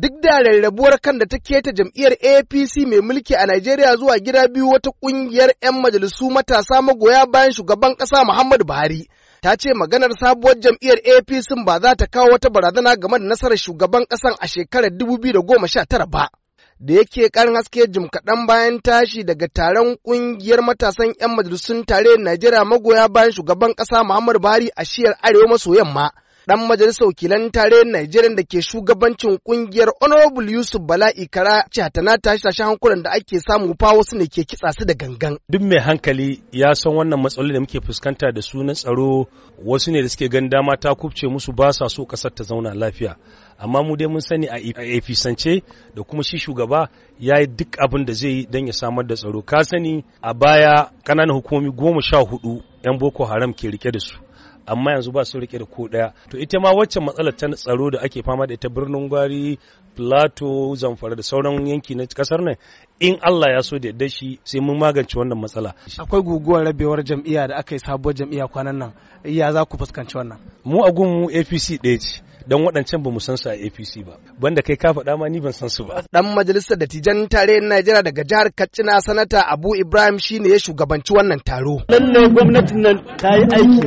duk da rarrabuwar kan da ta keta jam'iyyar APC mai mulki a Najeriya zuwa gida biyu wata ƙungiyar 'yan majalisu matasa magoya bayan shugaban ƙasa Muhammadu Buhari. Ta ce maganar sabuwar jam'iyyar APC ba za ta kawo wata barazana game da nasarar shugaban ƙasan a shekarar da goma tara ba. Da yake ƙarin haske jim kaɗan bayan tashi daga taron ƙungiyar matasan 'yan majalisun tare Najeriya magoya bayan shugaban ƙasa Muhammadu Buhari a shiyar Arewa maso yamma. ɗan majalisar wakilan tarayyar Najeriya da ke shugabancin ƙungiyar Honorable Yusuf Bala Ikara ce ta na tashi hankulan da ake samu fa wasu ne ke kitsa su da gangan. Duk mai hankali ya san wannan matsalolin da muke fuskanta da sunan tsaro wasu ne da suke gan dama ta kubce musu ba sa so ƙasar ta zauna lafiya. Amma mu dai mun sani a efisance da kuma shi shugaba ya yi duk abin da zai yi don ya samar da tsaro. Ka sani a baya ƙananan hukumomi goma sha hudu 'yan Boko Haram ke rike da su. amma yanzu ba su rike da ko daya to ita ma waccan matsalar ta tsaro da ake fama da ita birnin gwari plateau zamfara da sauran yanki na kasar ne. in Allah ya so da yadda shi sai mun magance wannan matsala. Akwai guguwar rabewar jam'iyya da aka yi sabuwar jam'iyya kwanan nan ya za ku fuskanci wannan. Mu a gunmu APC ɗaya ce don waɗancan ba mu san su a APC ba banda kai ka faɗa ma ni ban san su ba. Dan majalisar Tare tarayyar Najeriya daga jihar Katsina sanata Abu Ibrahim shi ne ya shugabanci wannan taro. ne gwamnatin nan ta yi aiki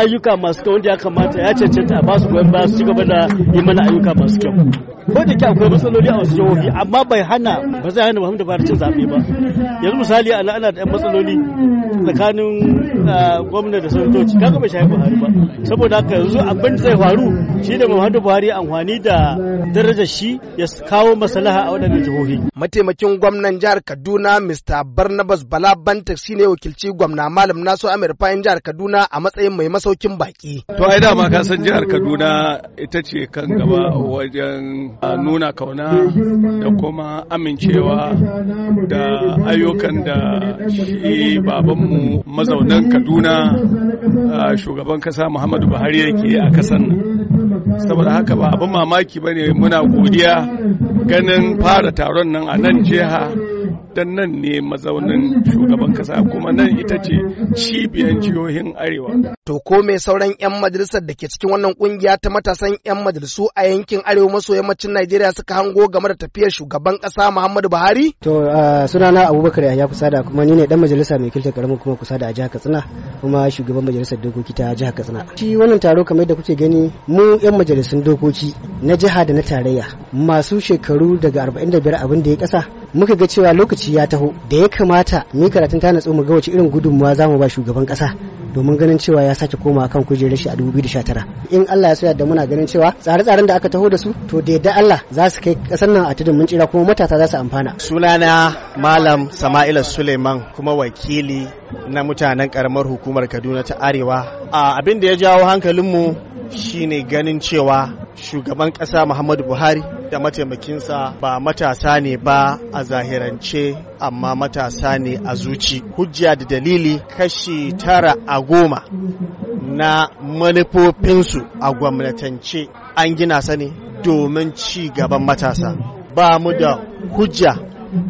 ayyuka masu kyau wanda ya kamata ya cancanta a basu goyon ba su gaba da yi mana ayyuka masu kyau. ko da ke akwai matsaloli a wasu jihohi amma bai hana ba zai hana Muhammadu Buhari cin zaɓe ba yanzu misali ana ana da matsaloli tsakanin ah, gwamnati da sanatoci kaga bai shafi Buhari ba saboda haka yanzu abin da zai faru shi da Muhammadu Buhari amfani da darajar shi ya kawo maslaha a wadannan jihohi mataimakin gwamnan jihar Kaduna Mr. Barnabas Bala Bantak shine wakilci gwamna Malam Nasu Amir Fayin jihar Kaduna a matsayin mai masaukin baki to ai dama ka san jihar Kaduna ita ce kan gaba wajen nuna kauna da kuma amincewa da ayyukan da shi babanmu mazaunan kaduna shugaban kasa muhammadu buhari yake a kasan nan saboda haka ba abin mamaki ba ne muna godiya ganin fara taron nan a nan jiha dan nan ne mazaunin shugaban kasa kuma nan ita ce cibiyar jihohin arewa. To ko me sauran 'yan majalisar da ke cikin wannan kungiya ta matasan 'yan majalisu a yankin arewa maso yammacin Najeriya suka hango game da tafiyar shugaban kasa Muhammadu Buhari? To sunana Abubakar kusa da kuma ni ne dan majalisa mai kilta karamin kuma kusa a jihar Katsina kuma shugaban majalisar dokoki ta jihar Katsina. Shi wannan taro kamar da kuke gani mu 'yan majalisun dokoki na jiha da na tarayya masu shekaru daga 45 abin da ya kasa muka ga cewa lokaci ya taho da ya kamata ni karatun ta natsu mu ga wace irin gudunmuwa zamu ba shugaban kasa domin ganin cewa ya sake koma kan kujerar shi a 2019 in Allah ya so yadda muna ganin cewa tsare-tsaren da aka taho da su to da yadda Allah za su kai kasar nan a tudun mun tsira kuma matasa za su amfana sunana malam Sama'ila Suleiman kuma wakili na mutanen karamar hukumar Kaduna ta Arewa a abin da ya jawo hankalinmu shine ganin cewa shugaban kasa Muhammadu Buhari da mataimakinsa ba matasa ne ba a zahirance amma matasa ne a zuci hujja da dalili kashi tara a goma na manufofinsu a gwamnatance an gina sani, domin ci gaban matasa ba mu da hujja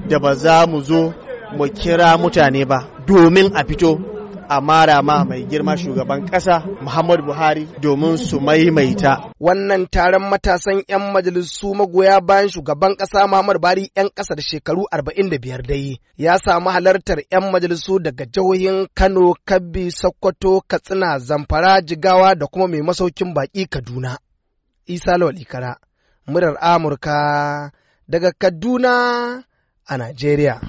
da ba za mu zo mu kira mutane ba domin a fito a mara ma mai girma shugaban ƙasa Muhammadu Buhari domin su maimaita. Wannan taron matasan 'yan majalisu magoya bayan shugaban ƙasa Muhammadu Buhari 'yan ƙasa da shekaru 45 dai ya samu halartar 'yan majalisu daga jihohin Kano, Kabi, Sokoto, Katsina, Zamfara, Jigawa da kuma mai masaukin baƙi Kaduna. Isa Lawal Ikara, Amurka daga Kaduna a Najeriya.